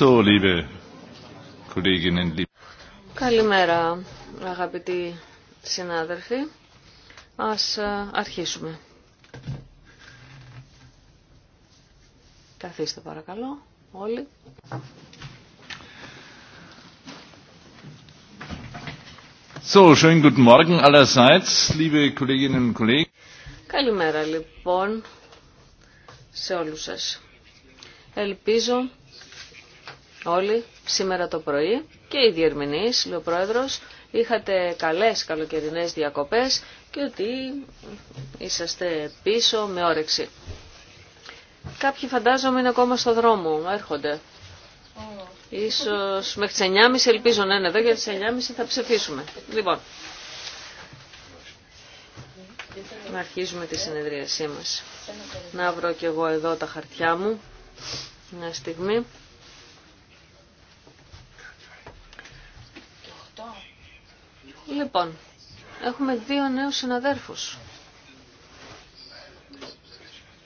So, liebe Kolleginnen, Καλημέρα, αγαπητοί συνάδελφοι. Ας ε, αρχίσουμε. Καθίστε παρακαλώ όλοι. So, schönen guten Morgen allerseits, liebe Kolleginnen und Kollegen. Καλημέρα λοιπόν σε όλους σας. Ελπίζω όλοι σήμερα το πρωί και οι διερμηνείς, λέει ο Πρόεδρος, είχατε καλές καλοκαιρινές διακοπές και ότι είσαστε πίσω με όρεξη. Κάποιοι φαντάζομαι είναι ακόμα στο δρόμο, έρχονται. Ίσως μέχρι τις 9.30 ελπίζω να είναι εδώ, γιατί τις 9.30 θα ψηφίσουμε. Λοιπόν, να αρχίζουμε τη συνεδρίασή μας. Να βρω κι εγώ εδώ τα χαρτιά μου. Μια στιγμή. Λοιπόν, έχουμε δύο νέους συναδέρφους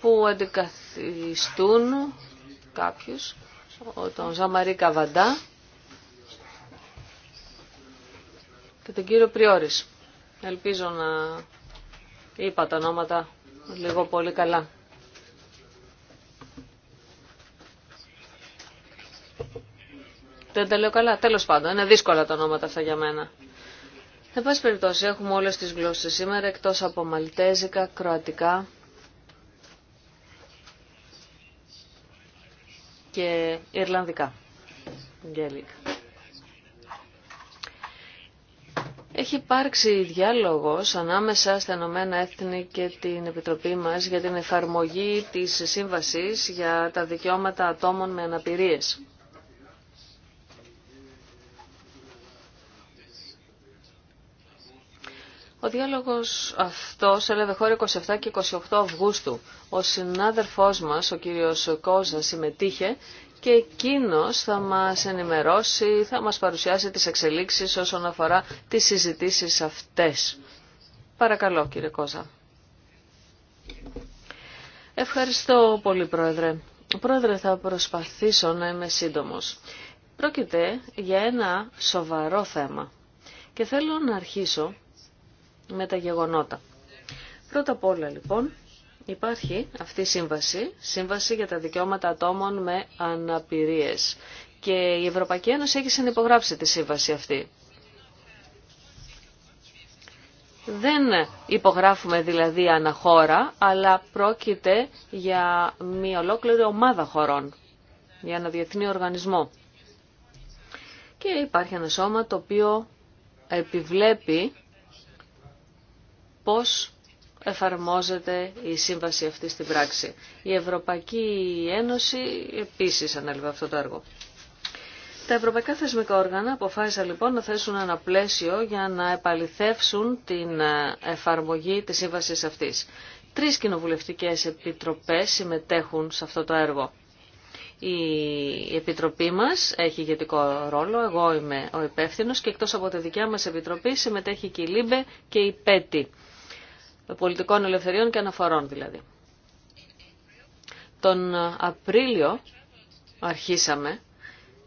που αντικαθιστούν κάποιους, τον Ζαμαρί Καβαντά και τον κύριο Πριόρης. Ελπίζω να είπα τα ονόματα λίγο πολύ καλά. Δεν τα λέω καλά. Τέλος πάντων, είναι δύσκολα τα ονόματα αυτά για μένα. Εν πάση περιπτώσει, έχουμε όλες τις γλώσσες σήμερα, εκτός από μαλτέζικα, κροατικά και ιρλανδικά. Έχει υπάρξει διάλογος ανάμεσα στα Ηνωμένα Έθνη και την Επιτροπή μας για την εφαρμογή της Σύμβασης για τα δικαιώματα ατόμων με αναπηρίες. Ο διάλογος αυτός έλαβε χώρο 27 και 28 Αυγούστου. Ο συνάδελφός μας, ο κύριος Κόζα, συμμετείχε και εκείνο θα μας ενημερώσει, θα μας παρουσιάσει τις εξελίξεις όσον αφορά τις συζητήσεις αυτές. Παρακαλώ κύριε Κόζα. Ευχαριστώ πολύ Πρόεδρε. Πρόεδρε θα προσπαθήσω να είμαι σύντομος. Πρόκειται για ένα σοβαρό θέμα και θέλω να αρχίσω με τα γεγονότα. Πρώτα απ' όλα λοιπόν υπάρχει αυτή η σύμβαση, σύμβαση για τα δικαιώματα ατόμων με αναπηρίες. Και η Ευρωπαϊκή Ένωση έχει συνυπογράψει τη σύμβαση αυτή. Δεν υπογράφουμε δηλαδή αναχώρα, αλλά πρόκειται για μια ολόκληρη ομάδα χωρών, για ένα διεθνή οργανισμό. Και υπάρχει ένα σώμα το οποίο επιβλέπει πώς εφαρμόζεται η σύμβαση αυτή στην πράξη. Η Ευρωπαϊκή Ένωση επίσης ανέλαβε αυτό το έργο. Τα ευρωπαϊκά θεσμικά όργανα αποφάσισαν λοιπόν να θέσουν ένα πλαίσιο για να επαληθεύσουν την ε, εφαρμογή της σύμβασης αυτής. Τρεις κοινοβουλευτικές επιτροπές συμμετέχουν σε αυτό το έργο. Η Επιτροπή μας έχει ηγετικό ρόλο, εγώ είμαι ο υπεύθυνο και εκτός από τη δικιά μας Επιτροπή συμμετέχει και η ΛΥΜΠΕ και η ΠΕΤΗ πολιτικών ελευθεριών και αναφορών δηλαδή. Τον Απρίλιο αρχίσαμε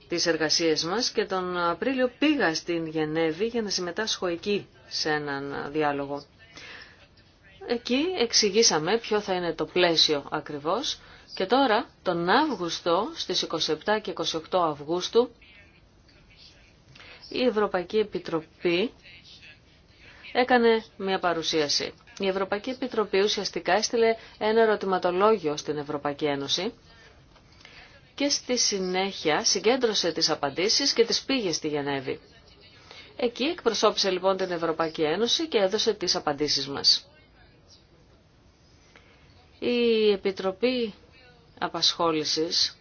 τις εργασίες μας και τον Απρίλιο πήγα στην Γενέβη για να συμμετάσχω εκεί σε έναν διάλογο. Εκεί εξηγήσαμε ποιο θα είναι το πλαίσιο ακριβώς και τώρα τον Αύγουστο στις 27 και 28 Αυγούστου η Ευρωπαϊκή Επιτροπή έκανε μια παρουσίαση. Η Ευρωπαϊκή Επιτροπή ουσιαστικά έστειλε ένα ερωτηματολόγιο στην Ευρωπαϊκή Ένωση και στη συνέχεια συγκέντρωσε τις απαντήσεις και τις πήγε στη Γενέβη. Εκεί εκπροσώπησε λοιπόν την Ευρωπαϊκή Ένωση και έδωσε τις απαντήσεις μας. Η Επιτροπή Απασχόλησης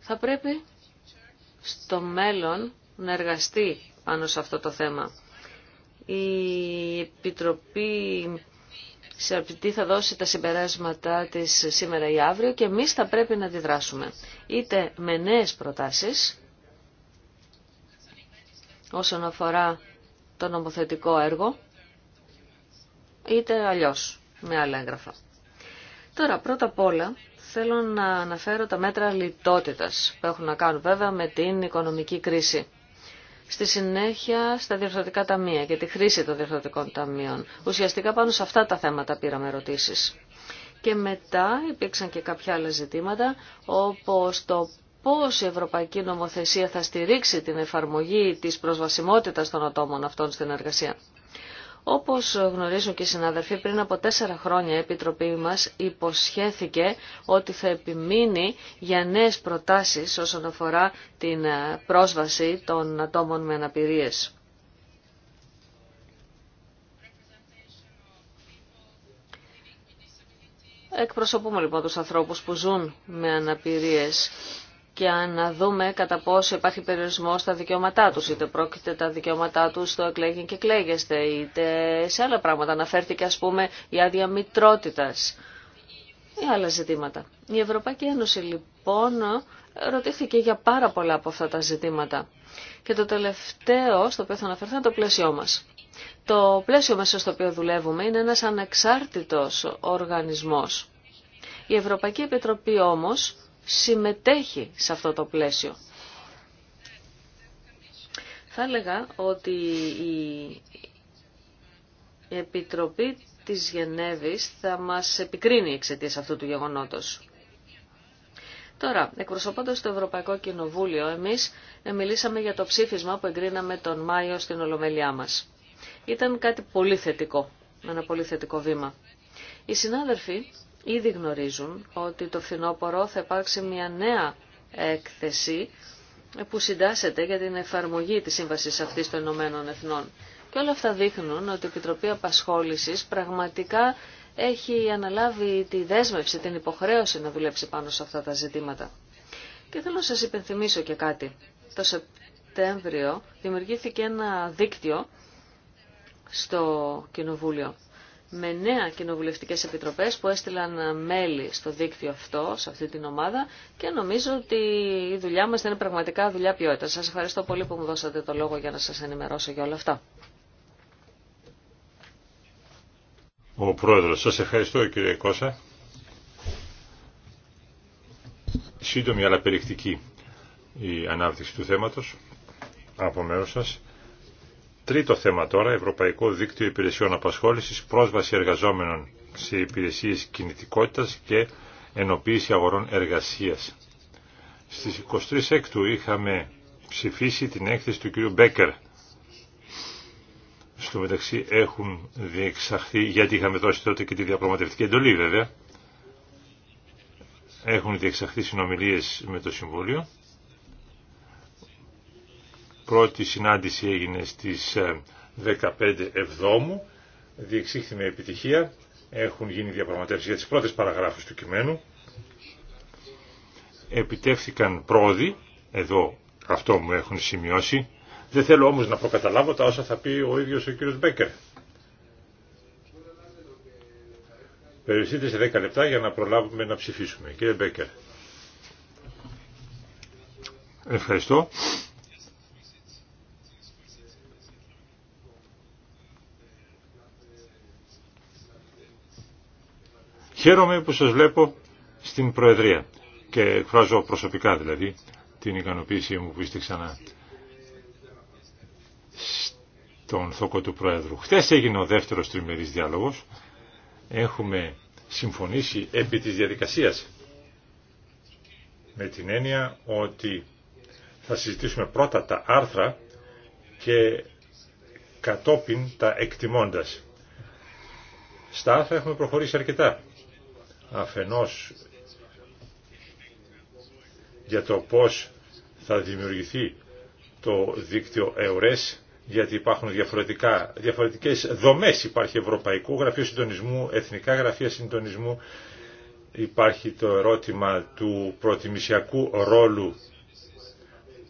θα πρέπει στο μέλλον να εργαστεί πάνω σε αυτό το θέμα. Η Επιτροπή σε θα δώσει τα συμπεράσματά της σήμερα ή αύριο και εμείς θα πρέπει να αντιδράσουμε. Είτε με νέες προτάσεις όσον αφορά το νομοθετικό έργο, είτε αλλιώς με άλλα έγγραφα. Τώρα, πρώτα απ' όλα, θέλω να αναφέρω τα μέτρα λιτότητας που έχουν να κάνουν βέβαια με την οικονομική κρίση στη συνέχεια στα διορθωτικά ταμεία και τη χρήση των διορθωτικών ταμείων. Ουσιαστικά πάνω σε αυτά τα θέματα πήραμε ερωτήσει. Και μετά υπήρξαν και κάποια άλλα ζητήματα, όπως το πώς η Ευρωπαϊκή Νομοθεσία θα στηρίξει την εφαρμογή της προσβασιμότητας των ατόμων αυτών στην εργασία. Όπως γνωρίζουν και οι συναδελφοί, πριν από τέσσερα χρόνια η Επιτροπή μας υποσχέθηκε ότι θα επιμείνει για νέες προτάσεις όσον αφορά την ε, πρόσβαση των ατόμων με αναπηρίες. Εκπροσωπούμε λοιπόν τους ανθρώπους που ζουν με αναπηρίες για να δούμε κατά πόσο υπάρχει περιορισμό στα δικαιώματά τους, είτε πρόκειται τα δικαιώματά τους στο εκλέγει και εκλέγεστε, είτε σε άλλα πράγματα. Αναφέρθηκε ας πούμε η άδεια μητρότητας ή άλλα ζητήματα. Η Ευρωπαϊκή Ένωση λοιπόν ρωτήθηκε για πάρα πολλά από αυτά τα ζητήματα. Και το τελευταίο στο οποίο θα αναφερθώ είναι το πλαίσιό μας. Το πλαίσιο μέσα στο οποίο δουλεύουμε είναι ένας ανεξάρτητος οργανισμός. Η Ευρωπαϊκή Επιτροπή όμως συμμετέχει σε αυτό το πλαίσιο. Θα έλεγα ότι η Επιτροπή της Γενέβης θα μας επικρίνει εξαιτίας αυτού του γεγονότος. Τώρα, εκπροσωπώντας το Ευρωπαϊκό Κοινοβούλιο, εμείς ε, μιλήσαμε για το ψήφισμα που εγκρίναμε τον Μάιο στην Ολομέλειά μας. Ήταν κάτι πολύ θετικό, ένα πολύ θετικό βήμα. Οι συνάδελφοι ήδη γνωρίζουν ότι το φθινόπωρο θα υπάρξει μια νέα έκθεση που συντάσσεται για την εφαρμογή της σύμβασης αυτής των Ηνωμένων Εθνών. Και όλα αυτά δείχνουν ότι η Επιτροπή Απασχόλησης πραγματικά έχει αναλάβει τη δέσμευση, την υποχρέωση να δουλέψει πάνω σε αυτά τα ζητήματα. Και θέλω να σας υπενθυμίσω και κάτι. Το Σεπτέμβριο δημιουργήθηκε ένα δίκτυο στο Κοινοβούλιο με νέα κοινοβουλευτικέ επιτροπές που έστειλαν μέλη στο δίκτυο αυτό, σε αυτή την ομάδα και νομίζω ότι η δουλειά μας είναι πραγματικά δουλειά ποιότητα. Σας ευχαριστώ πολύ που μου δώσατε το λόγο για να σας ενημερώσω για όλα αυτά. Ο Πρόεδρος, σας ευχαριστώ κύριε Κώσα. Σύντομη αλλά περιεκτική η ανάπτυξη του θέματος από σας. Τρίτο θέμα τώρα, Ευρωπαϊκό Δίκτυο Υπηρεσιών Απασχόλησης, πρόσβαση εργαζόμενων σε υπηρεσίες κινητικότητας και ενοποίηση αγορών εργασίας. Στις 23 Έκτου είχαμε ψηφίσει την έκθεση του κ. Μπέκερ. Στο μεταξύ έχουν διεξαχθεί, γιατί είχαμε δώσει τότε και τη διαπραγματευτική εντολή βέβαια, έχουν διεξαχθεί συνομιλίες με το Συμβούλιο πρώτη συνάντηση έγινε στις 15 ε, Εβδόμου, διεξήχθη με επιτυχία, έχουν γίνει διαπραγματεύσεις για τις πρώτες παραγράφους του κειμένου, επιτεύθηκαν πρόοδοι, εδώ αυτό μου έχουν σημειώσει, δεν θέλω όμως να προκαταλάβω τα όσα θα πει ο ίδιος ο κύριος Μπέκερ. Περιοριστείτε σε 10 λεπτά για να προλάβουμε να ψηφίσουμε. Κύριε Μπέκερ. Ευχαριστώ. Χαίρομαι που σας βλέπω στην Προεδρία και εκφράζω προσωπικά δηλαδή την ικανοποίησή μου που είστε ξανά στον θόκο του Προέδρου. Χθες έγινε ο δεύτερος τριμερής διάλογος. Έχουμε συμφωνήσει επί της διαδικασίας με την έννοια ότι θα συζητήσουμε πρώτα τα άρθρα και κατόπιν τα εκτιμώντας. Στα άρθρα έχουμε προχωρήσει αρκετά αφενός για το πώς θα δημιουργηθεί το δίκτυο ΕΟΡΕΣ, γιατί υπάρχουν διαφορετικά, διαφορετικές δομές. Υπάρχει Ευρωπαϊκό Γραφείο Συντονισμού, Εθνικά Γραφεία Συντονισμού, υπάρχει το ερώτημα του προτιμησιακού ρόλου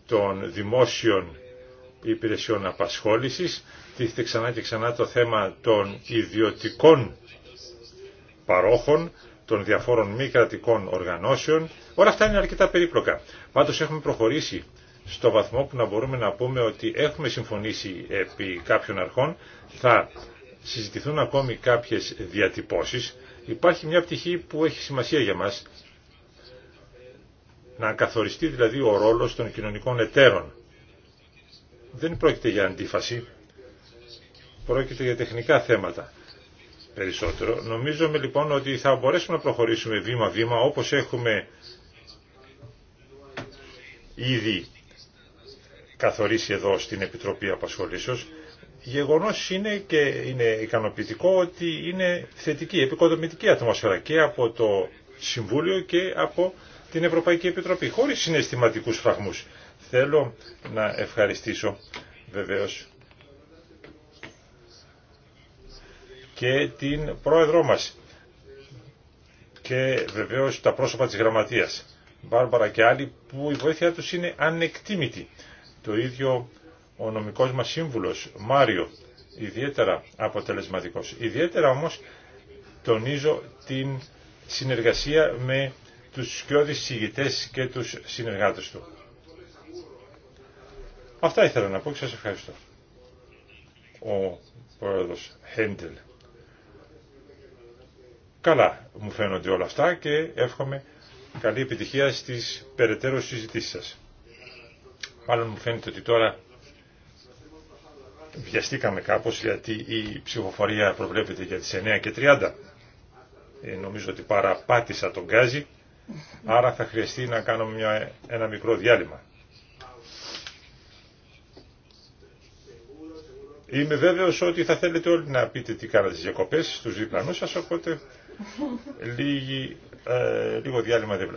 των δημόσιων υπηρεσιών απασχόλησης, τίθεται ξανά και ξανά το θέμα των ιδιωτικών παρόχων, των διαφόρων μη κρατικών οργανώσεων. Όλα αυτά είναι αρκετά περίπλοκα. Πάντως έχουμε προχωρήσει στο βαθμό που να μπορούμε να πούμε ότι έχουμε συμφωνήσει επί κάποιων αρχών, θα συζητηθούν ακόμη κάποιες διατυπώσεις. Υπάρχει μια πτυχή που έχει σημασία για μας, να καθοριστεί δηλαδή ο ρόλος των κοινωνικών εταίρων. Δεν πρόκειται για αντίφαση, πρόκειται για τεχνικά θέματα περισσότερο. Νομίζουμε λοιπόν ότι θα μπορέσουμε να προχωρήσουμε βήμα-βήμα όπως έχουμε ήδη καθορίσει εδώ στην Επιτροπή Απασχολήσεως. Γεγονός είναι και είναι ικανοποιητικό ότι είναι θετική, επικοδομητική ατμόσφαιρα και από το Συμβούλιο και από την Ευρωπαϊκή Επιτροπή, χωρίς συναισθηματικούς φραγμούς. Θέλω να ευχαριστήσω βεβαίως και την πρόεδρό μας και βεβαίως τα πρόσωπα της γραμματείας. Μπάρμπαρα και άλλοι που η βοήθειά τους είναι ανεκτήμητη. Το ίδιο ο νομικός μας σύμβουλος Μάριο, ιδιαίτερα αποτελεσματικός. Ιδιαίτερα όμως τονίζω την συνεργασία με τους σκιώδεις συγητές και τους συνεργάτες του. Αυτά ήθελα να πω και σας ευχαριστώ. Ο Χέντελ. Καλά μου φαίνονται όλα αυτά και εύχομαι καλή επιτυχία στις περαιτέρω συζητήσεις σας. Μάλλον μου φαίνεται ότι τώρα βιαστήκαμε κάπως γιατί η ψηφοφορία προβλέπεται για τις 9 και 30. Ε, νομίζω ότι παραπάτησα τον γκάζι, άρα θα χρειαστεί να κάνω μια, ένα μικρό διάλειμμα. Είμαι βέβαιος ότι θα θέλετε όλοι να πείτε τι κάνατε στις διακοπές στους διπλανούς σας, οπότε ε, λίγο διάλειμμα δεν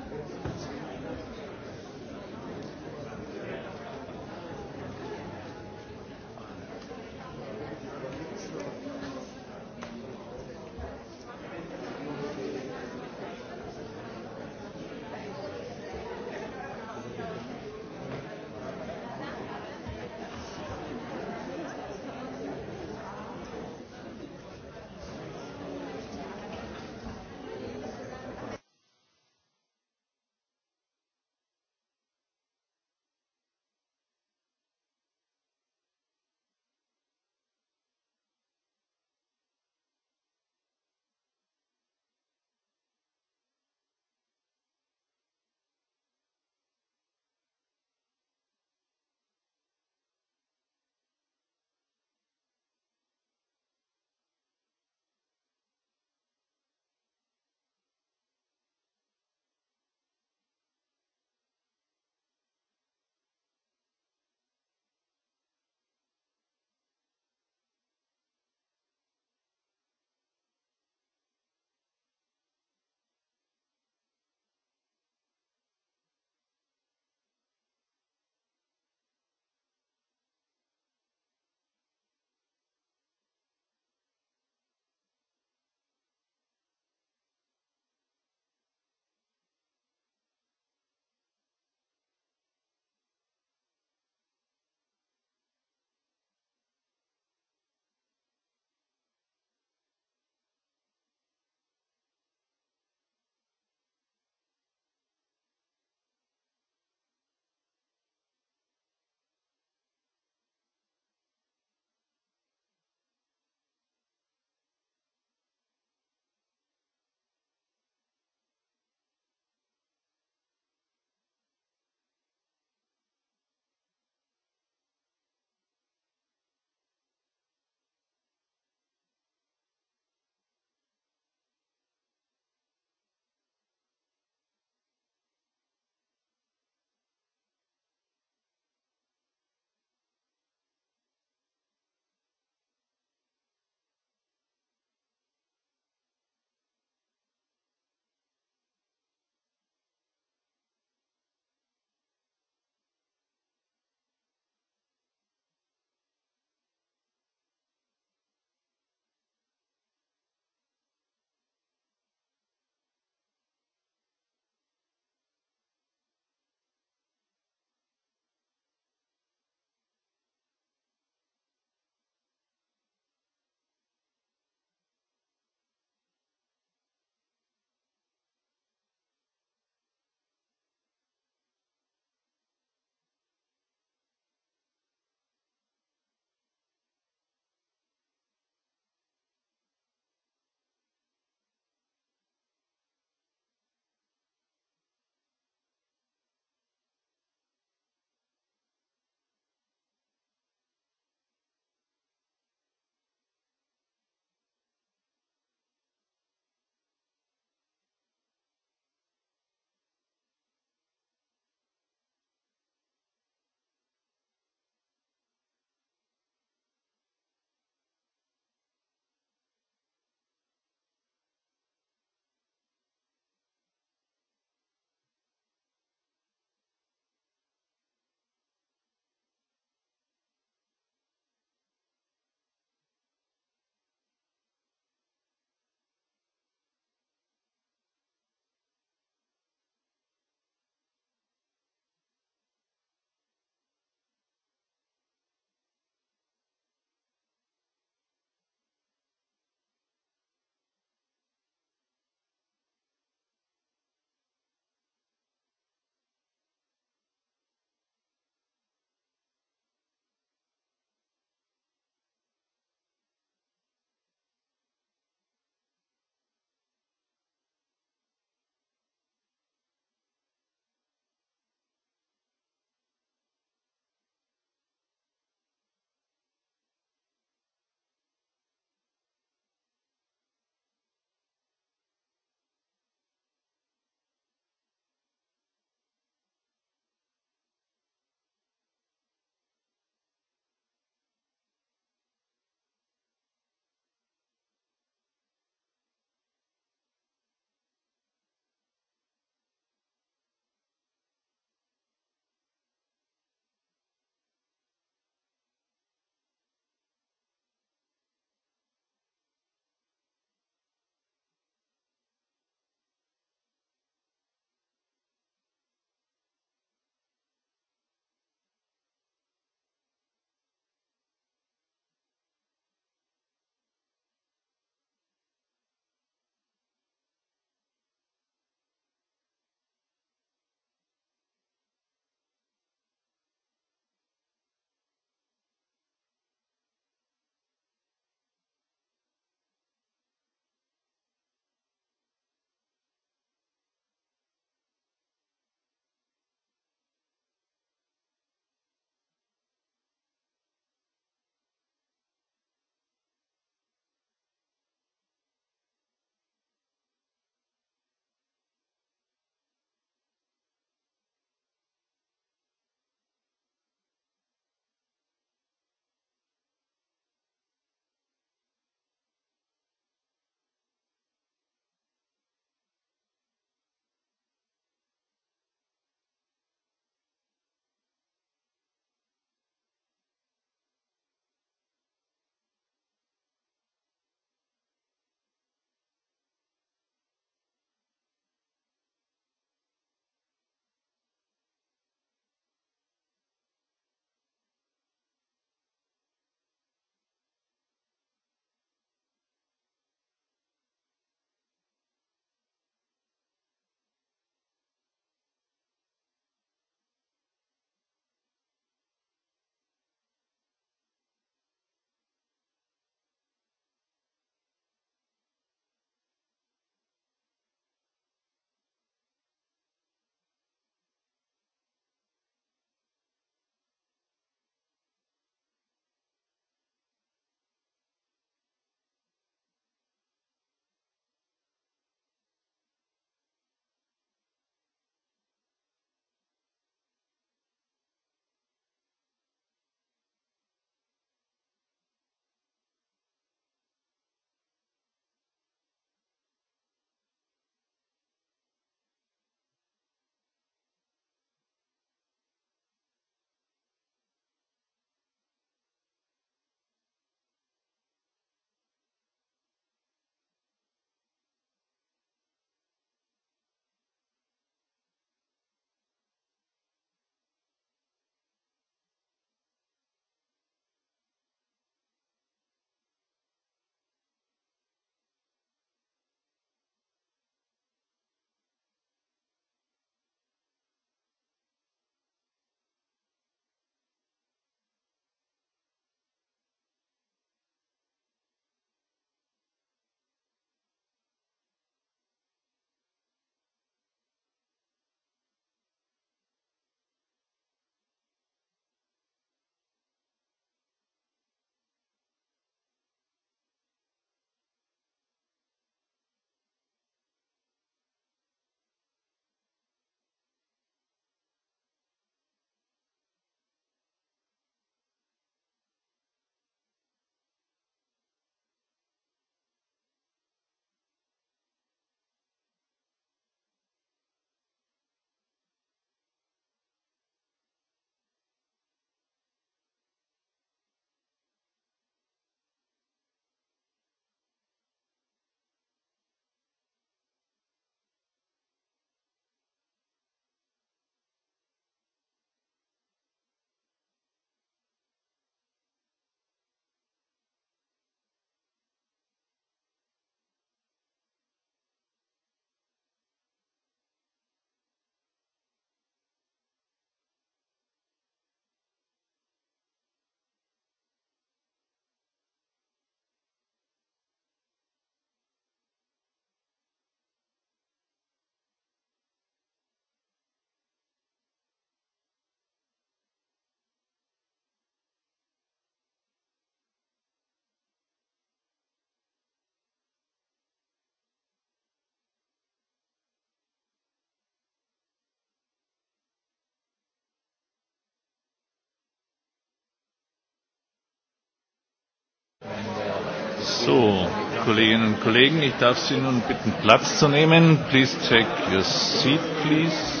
So, Kolleginnen und Kollegen, ich darf Sie nun bitten, Platz zu nehmen. Please check your seat, please.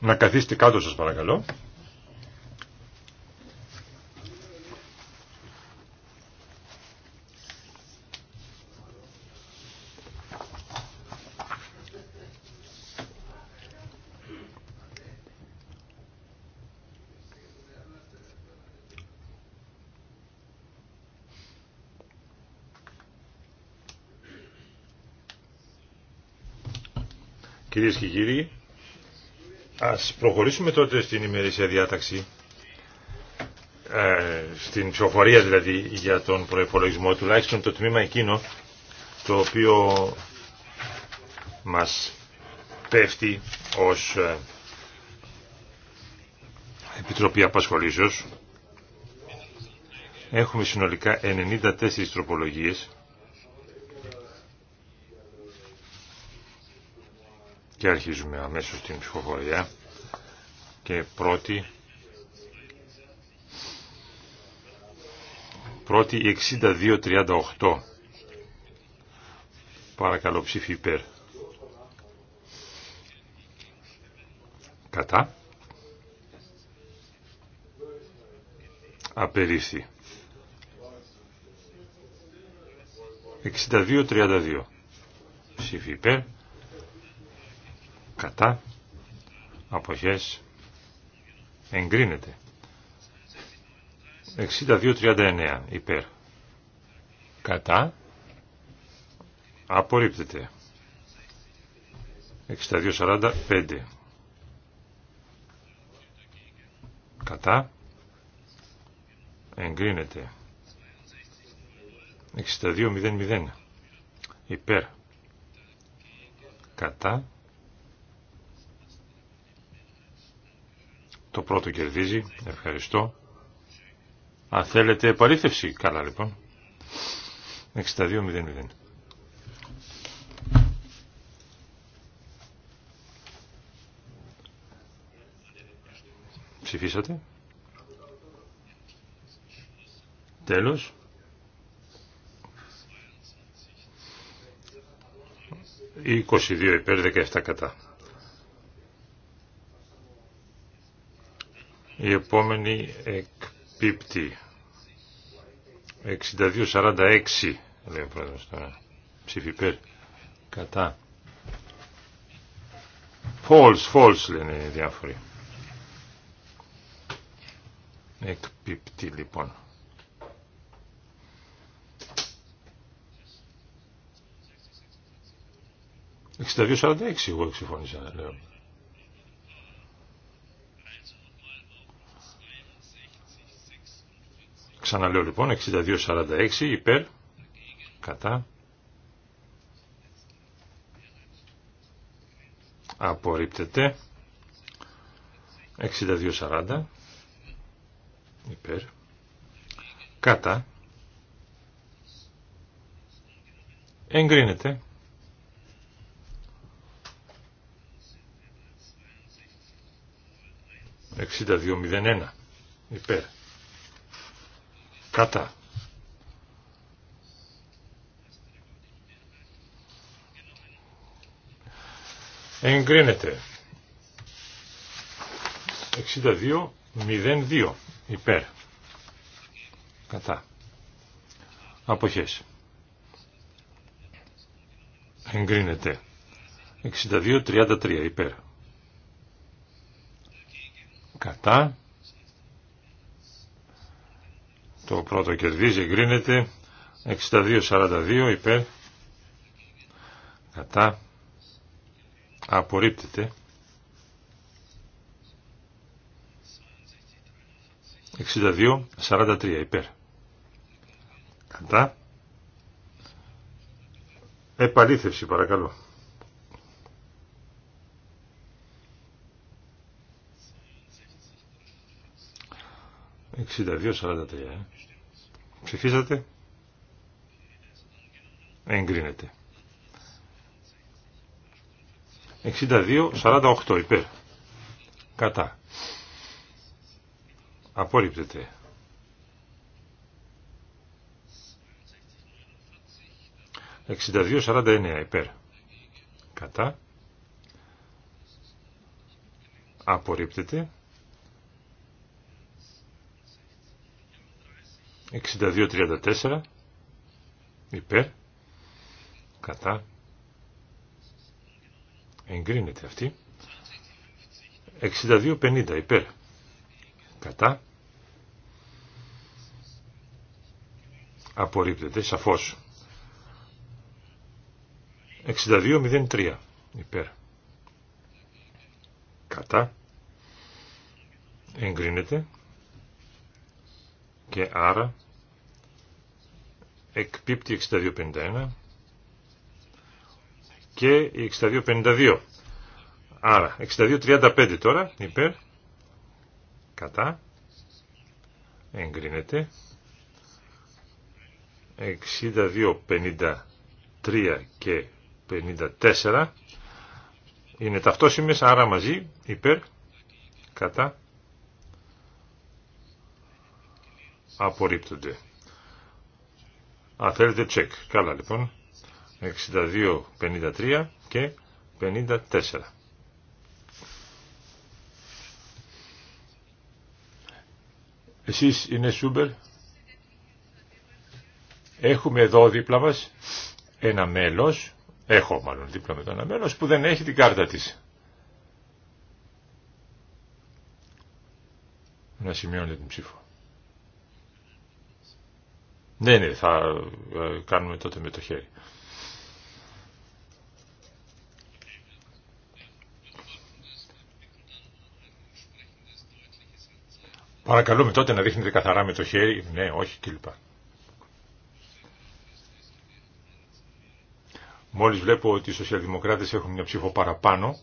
Να καθίσετε κάτω σας παρακαλώ. Κυρίες και κύριοι, ας προχωρήσουμε τότε στην ημερήσια διάταξη, ε, στην ψηφοφορία δηλαδή για τον προϋπολογισμό, τουλάχιστον το τμήμα εκείνο το οποίο μας πέφτει ως ε, Επιτροπή Απασχολήσεως. Έχουμε συνολικά 94 τροπολογίες Και αρχίζουμε αμέσως την ψυχοφορία Και πρώτη... Πρώτη 62-38. Παρακαλώ ψήφι υπέρ. Κατά. Απερίφθη. 62-32. Ψήφι υπέρ κατά αποχές εγκρίνεται 62-39 υπέρ κατά απορρίπτεται 62-45 κατά εγκρίνεται 62-00 υπέρ κατά Το πρώτο κερδίζει. Ευχαριστώ. Αν θέλετε επαλήθευση. Καλά λοιπόν. 62-0-0. Ψηφίσατε. Τέλος. 22 υπέρ 17 κατά. Η επόμενη εκπίπτει. 62-46 λέει ο πρόεδρος τώρα. ψηφιπέρ Κατά. False, false λένε οι διάφοροι. Εκπίπτει λοιπόν. λοιπόν. 46 εγώ εξεφώνησα λέω. Ξαναλέω λοιπόν 62-46 υπέρ κατά απορρίπτεται 62-40 υπέρ κατά εγκρίνεται 62-01 υπέρ Κατά. Εγκρίνεται. 62-02 υπέρ. Κατά. Αποχές. Εγκρίνεται. 62-33 υπέρ. Κατά. Το πρώτο κερδίζει, εγκρίνεται. 62-42 υπέρ. Κατά. Απορρίπτεται. 62-43 υπέρ. Κατά. Επαλήθευση παρακαλώ. 62-43. Ψηφίσατε. Εγκρίνεται. 62-48 υπέρ. Κατά. Απορρίπτεται. 62-49 υπέρ. Κατά. Απορρίπτεται. 62-34 υπέρ κατά εγκρίνεται αυτή 62-50 υπέρ κατά απορρίπτεται σαφώς 62-03 υπέρ κατά εγκρίνεται και άρα εκπίπτει 6251 και 6252. Άρα 6235 τώρα υπέρ κατά εγκρίνεται 6253 και 54 είναι ταυτόσιμες άρα μαζί υπέρ κατά απορρίπτονται. Α, θέλετε τσεκ. Καλά λοιπόν. 62, 53 και 54. Εσείς είναι σούπερ. Έχουμε εδώ δίπλα μας ένα μέλος, έχω μάλλον δίπλα με το ένα μέλος, που δεν έχει την κάρτα της. Να σημειώνετε την ψήφο. Ναι, ναι, θα ε, κάνουμε τότε με το χέρι. Παρακαλούμε τότε να δείχνετε καθαρά με το χέρι, ναι, όχι κλπ. Μόλις βλέπω ότι οι σοσιαλδημοκράτες έχουν μια ψήφο παραπάνω,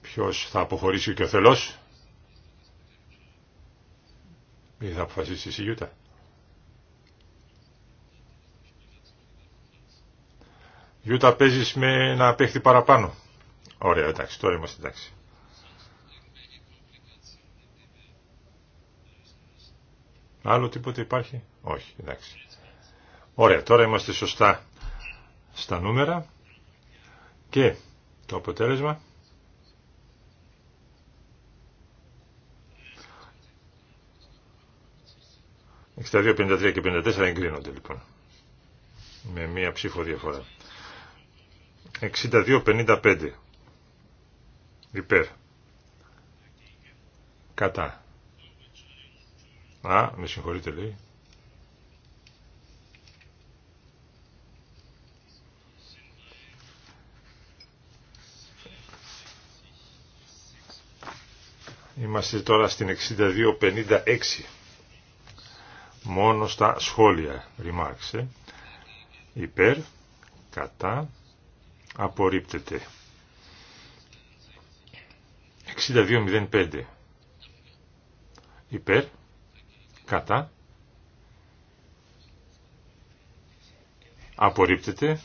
ποιος θα αποχωρήσει και ο θελός, ή θα αποφασίσει η Σιγιούτα. Γιούτα παίζεις με ένα παίχτη παραπάνω. Ωραία, εντάξει, τώρα είμαστε εντάξει. Άλλο τίποτε υπάρχει. Όχι, εντάξει. Ωραία, τώρα είμαστε σωστά στα νούμερα και το αποτέλεσμα ...62, 53 και 54 εγκρίνονται λοιπόν με μία ψήφο διαφορά. 62-55 υπέρ κατά Α, με συγχωρείτε λέει. Είμαστε τώρα στην 62-56. Μόνο στα σχόλια, Ρημάξε Υπέρ, κατά, απορρίπτεται. 62.05 υπέρ, κατά, απορρίπτεται.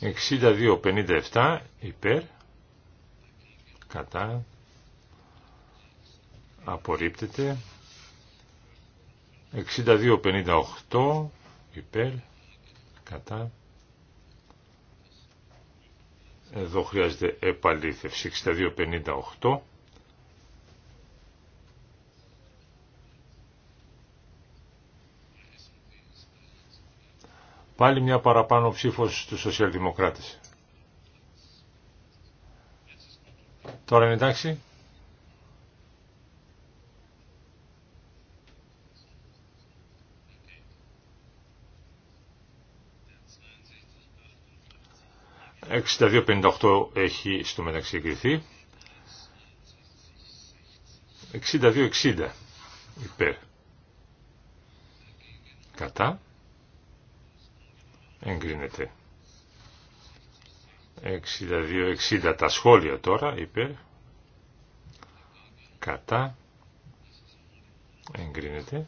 62.57 υπέρ, κατά, απορρίπτεται. 62.58 υπέρ, κατά. Εδώ χρειάζεται επαλήθευση 6258. Πάλι μια παραπάνω ψήφος στους σοσιαλδημοκράτες. Τώρα είναι εντάξει. 62-58 έχει στο μεταξύ εγκριθεί. 62-60 υπέρ. Κατά. Εγκρίνεται. 62-60 τα σχόλια τώρα υπέρ. Κατά. Εγκρίνεται.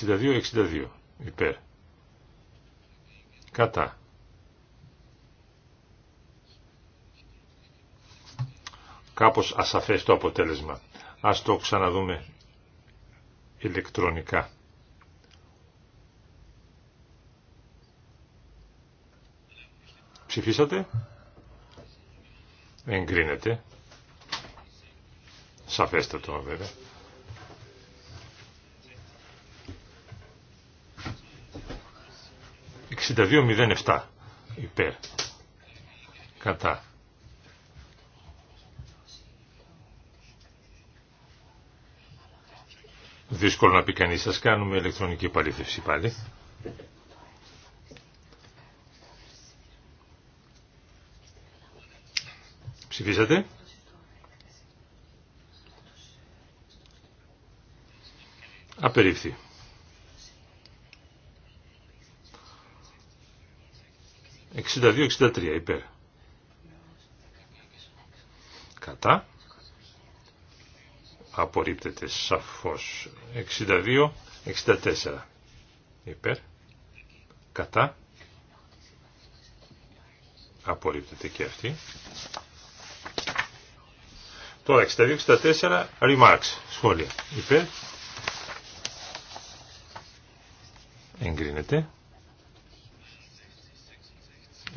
62-62 υπέρ. Κατά. Κάπως ασαφές το αποτέλεσμα. Ας το ξαναδούμε ηλεκτρονικά. Ψηφίσατε. Εγκρίνεται. Σαφέστατο βέβαια. 62-07 υπέρ. Κατά. Δύσκολο να πει κανείς, σας κάνουμε ηλεκτρονική επαλήθευση πάλι. Ψηφίσατε. Απερίφθη. 62-63 υπέρ. Κατά. Απορρίπτεται σαφώς. 62-64 υπέρ. Κατά. Απορρίπτεται και αυτή. Τώρα 62-64 remarks. Σχόλια. Υπέρ. Εγκρίνεται.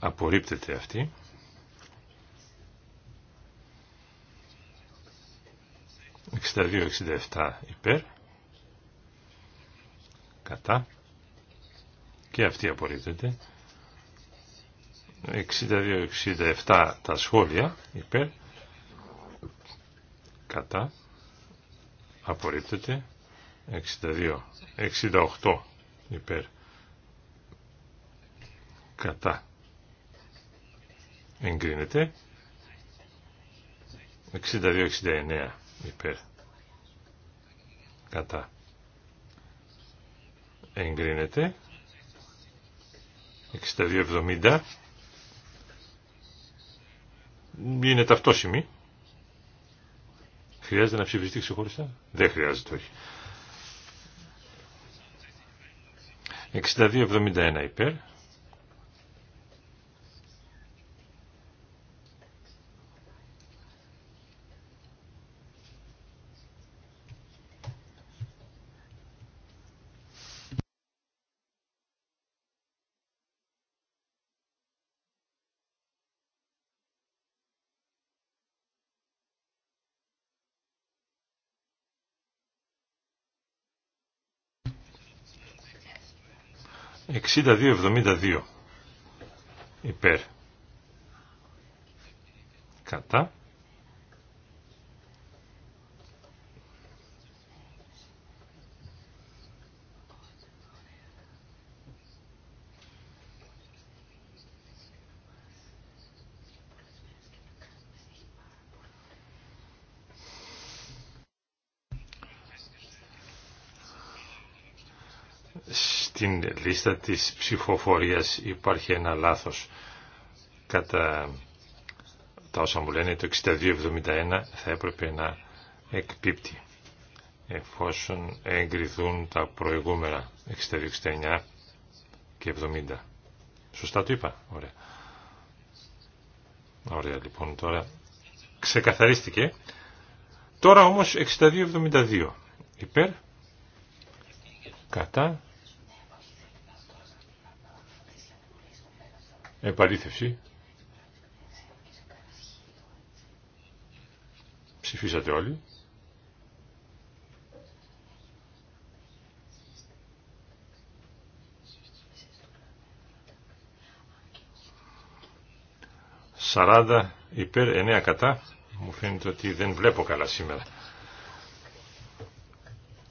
Απορρίπτεται αυτή. 62-67 υπέρ. Κατά. Και αυτή απορρίπτεται. 62-67 τα σχόλια υπέρ. Κατά. Απορρίπτεται. 62-68 υπέρ κατά εγκρίνεται 62-69 υπέρ κατά εγκρίνεται 62-70 είναι ταυτόσιμη. χρειάζεται να ψηφιστεί ξεχωριστά δεν χρειάζεται όχι 62-71 υπέρ 62-72 υπέρ κατά στην λίστα της ψηφοφορίας υπάρχει ένα λάθος. Κατά τα όσα μου λένε το 6271 θα έπρεπε να εκπίπτει εφόσον εγκριθούν τα προηγούμενα 6269 και 70. Σωστά το είπα. Ωραία. Ωραία λοιπόν τώρα. Ξεκαθαρίστηκε. Τώρα όμως 6272. Υπέρ. Κατά. Επαλήθευση. Ψηφίσατε όλοι. Σαράντα υπέρ εννέα κατά. Μου φαίνεται ότι δεν βλέπω καλά σήμερα.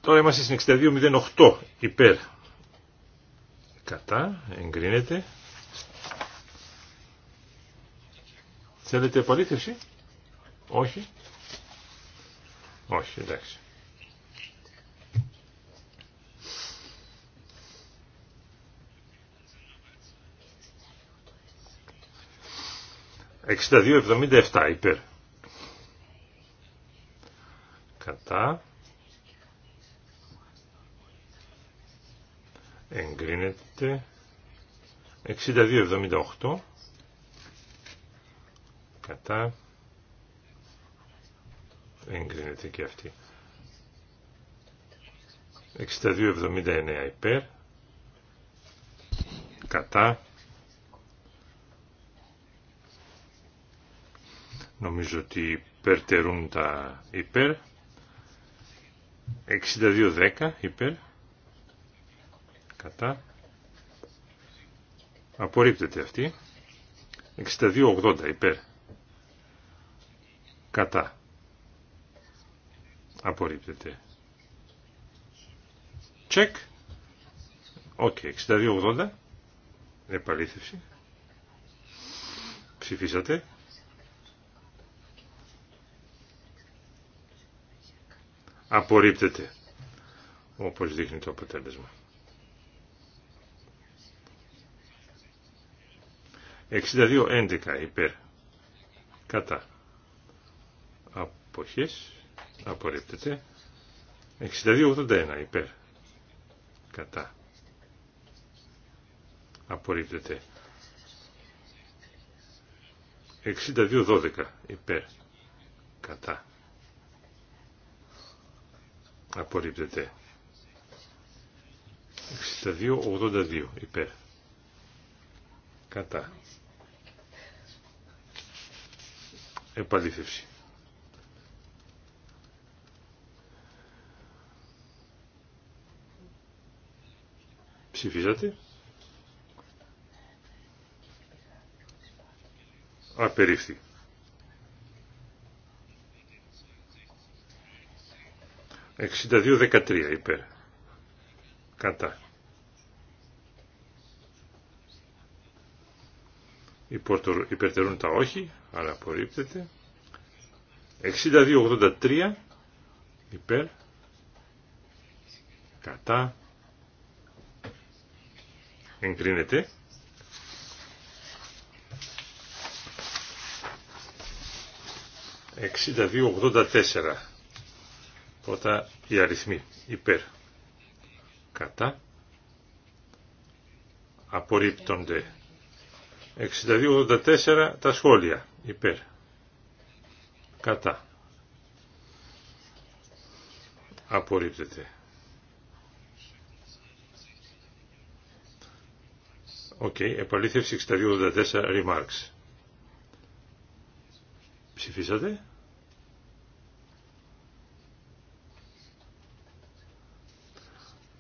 Τώρα είμαστε στην 62.08 υπέρ. Κατά, εγκρίνεται. Θέλετε επαλήθευση? Όχι. Όχι, εντάξει. Εξήντα δύο υπέρ. Κατά. Εγκρίνεται. Εξήντα δύο κατά εγκρίνεται και αυτή 6279 υπέρ κατά νομίζω ότι υπερτερούν τα υπέρ 6210 υπέρ κατά απορρίπτεται αυτή 6280 υπέρ κατά απορρίπτεται τσεκ οκ 62-80 επαλήθευση ψηφίσατε απορρίπτεται όπως δείχνει το αποτέλεσμα 62-11 υπέρ κατά εποχης απορριπτεται απορρίπτεται 62-81 υπέρ κατά απορρίπτεται 62-12 υπέρ κατά απορρίπτεται 62-82 υπέρ κατά επαλήθευση Ψηφίσατε. Απερίφθη. 62-13 υπέρ. Κατά. Υπερτερούν τα όχι, αλλά απορρίπτεται. 62-83 υπέρ. Κατά εγκρίνεται. ...62-84... ...πρώτα οι αριθμοί... ...υπέρ... ...κατά... ...απορρίπτονται... ...62-84... ...τα σχόλια... ...υπέρ... ...κατά... ...απορρίπτεται... Οκ, okay, επαλήθευση 6284 remarks. Ψηφίσατε.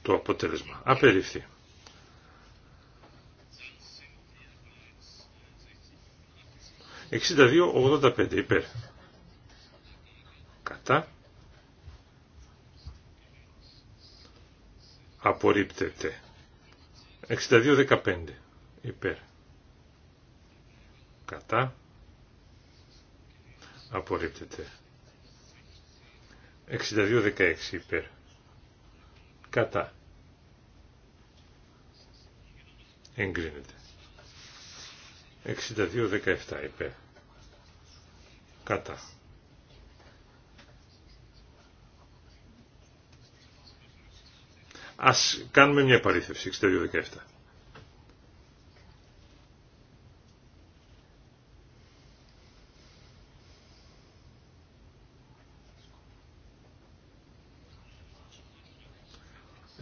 Το αποτέλεσμα. Απερίφθη. 62-85 υπέρ. Κατά. Απορρίπτεται. 62-15 υπέρ κατά απορρίπτεται 62-16 υπέρ κατά εγκρίνεται 62-17 υπέρ κατά Ας κάνουμε μια παρήθευση 62-17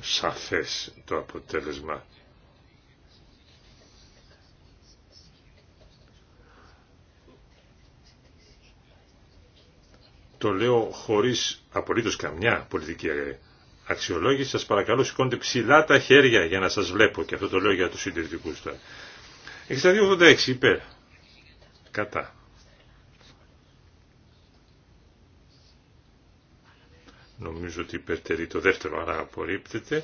σαφές το αποτέλεσμα. Το λέω χωρίς απολύτως καμιά πολιτική αξιολόγηση. Σας παρακαλώ σηκώνετε ψηλά τα χέρια για να σας βλέπω και αυτό το λέω για τους συντηρητικούς τώρα. 6286 υπέρ. Κατά. νομίζω ότι υπερτερεί το δεύτερο, άρα απορρίπτεται.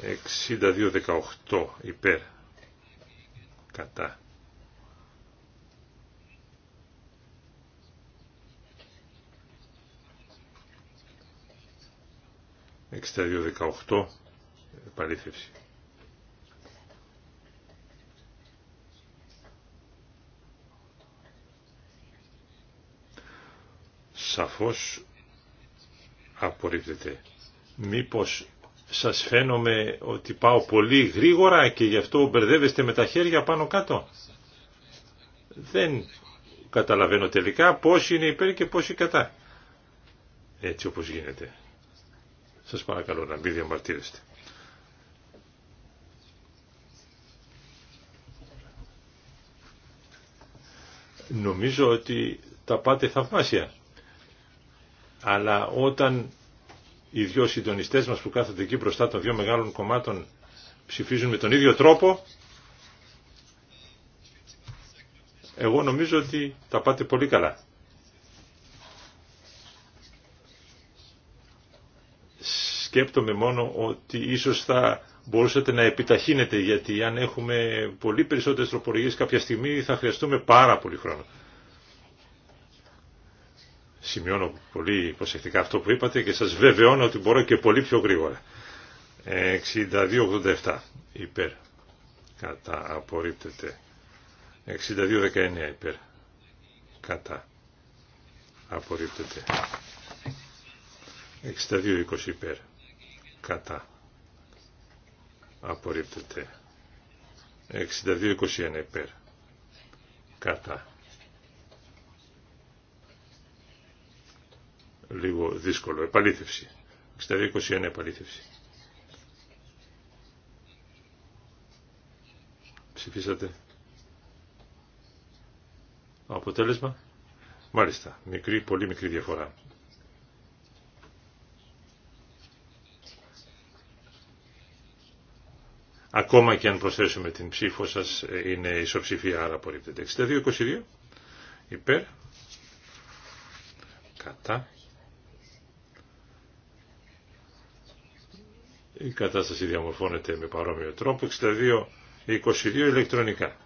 62-18 υπέρ κατά. Εξήντα δύο Σαφώς απορρίπτεται. Μήπως σας φαίνομαι ότι πάω πολύ γρήγορα και γι' αυτό μπερδεύεστε με τα χέρια πάνω κάτω. Δεν καταλαβαίνω τελικά πώς είναι υπέρ και πώς κατά. Έτσι όπως γίνεται. Σας παρακαλώ να μην διαμαρτύρεστε. Νομίζω ότι τα πάτε θαυμάσια αλλά όταν οι δυο συντονιστές μας που κάθονται εκεί μπροστά των δύο μεγάλων κομμάτων ψηφίζουν με τον ίδιο τρόπο, εγώ νομίζω ότι τα πάτε πολύ καλά. Σκέπτομαι μόνο ότι ίσως θα μπορούσατε να επιταχύνετε γιατί αν έχουμε πολύ περισσότερες τροπολογίες κάποια στιγμή θα χρειαστούμε πάρα πολύ χρόνο. Σημειώνω πολύ προσεκτικά αυτό που είπατε και σας βεβαιώνω ότι μπορώ και πολύ πιο γρήγορα. 62-87 υπέρ. Κατά. Απορρίπτεται. 62-19 υπέρ. Κατά. Απορρίπτεται. 62-20 υπέρ. Κατά. Απορρίπτεται. 62-21 υπέρ. Κατά. λίγο δύσκολο. Επαλήθευση. 62-21 επαλήθευση. Ψηφίσατε. Αποτέλεσμα. Μάλιστα. Μικρή, πολύ μικρή διαφορά. Ακόμα και αν προσθέσουμε την ψήφο σας ε, είναι ισοψηφία, άρα απορρίπτεται. 62-22 υπέρ, κατά, Η κατάσταση διαμορφώνεται με παρόμοιο τρόπο. 62, 22 ηλεκτρονικά.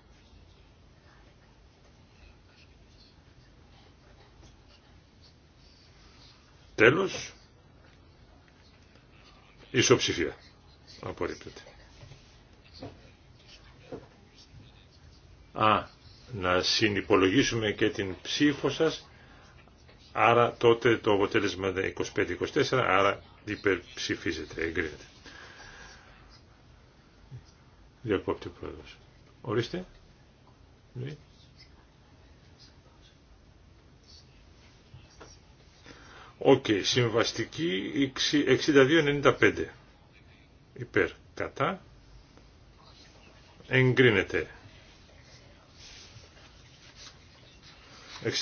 Τέλος, ισοψηφία. Απορρίπτεται. Α, να συνυπολογίσουμε και την ψήφο σας, άρα τότε το αποτέλεσμα είναι 25-24, άρα υπερψηφίζεται, εγκρίνεται. Διακόπτει ο πρόεδρος. Ορίστε. Ναι. Οκ, συμβαστικη 62.95. Υπέρ, κατά. εγκρινεται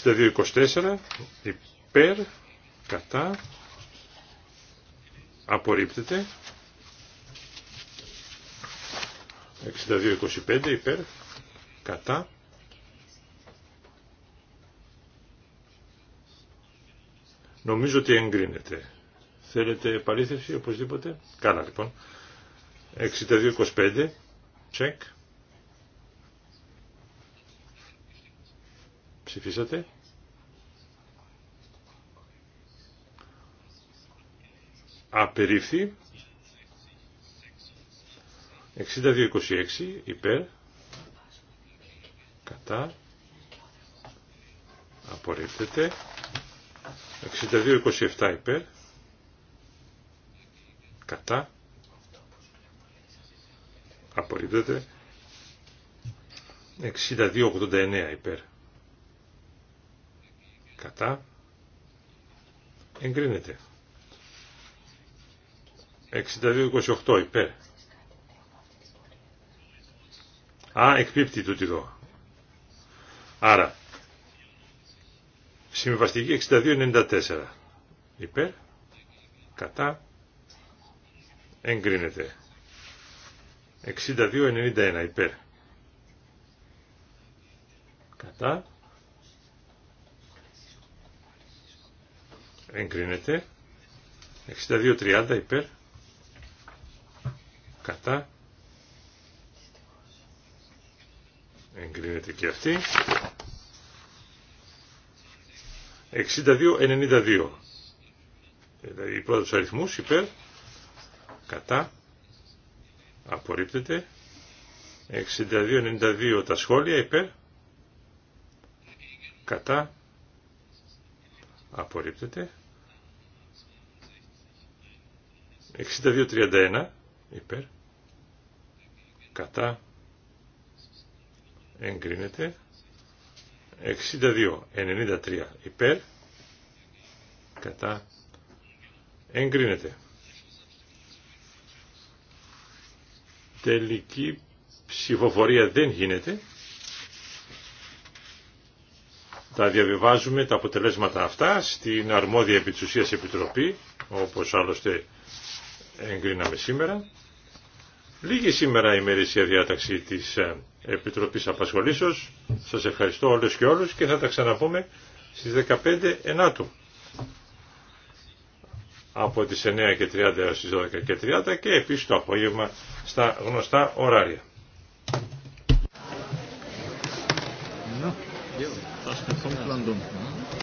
62.24. Υπέρ, κατά. Απορρίπτεται. 62-25 υπέρ, κατά, Νομίζω ότι εγκρίνεται. Θέλετε παρήθευση οπωσδήποτε. Καλά λοιπόν. 62-25. Check. Ψηφίσατε. Απερίφθη. 62-26 υπέρ κατά απορρίπτεται 62-27 υπέρ κατά απορρίπτεται 62-89 υπέρ κατά εγκρίνεται 62-28 υπέρ Α, εκπίπτει τούτη εδώ. Άρα, συμβαστική 62-94. Υπέρ, κατά, εγκρίνεται. 62-91 υπέρ. Κατά. Εγκρίνεται. 62-30 υπέρ. Κατά. και αυτή. 62-92. Δηλαδή οι του αριθμού υπέρ, κατά, απορρίπτεται. 62-92 τα σχόλια υπέρ, κατά, απορρίπτεται. 62-31 υπέρ, κατά, εγκρίνεται 62 93 υπέρ κατά εγκρίνεται τελική ψηφοφορία δεν γίνεται τα διαβιβάζουμε τα αποτελέσματα αυτά στην αρμόδια επί επιτροπή όπως άλλωστε εγκρίναμε σήμερα Λίγη σήμερα η ημερήσια διάταξη της ε, Επιτροπής Απασχολήσεως. Σας ευχαριστώ όλους και όλους και θα τα ξαναπούμε στις 15 Ενάτου. Από τις 9.30 και 30 έως τις 12 και 30 και επίσης το απόγευμα στα γνωστά ωράρια.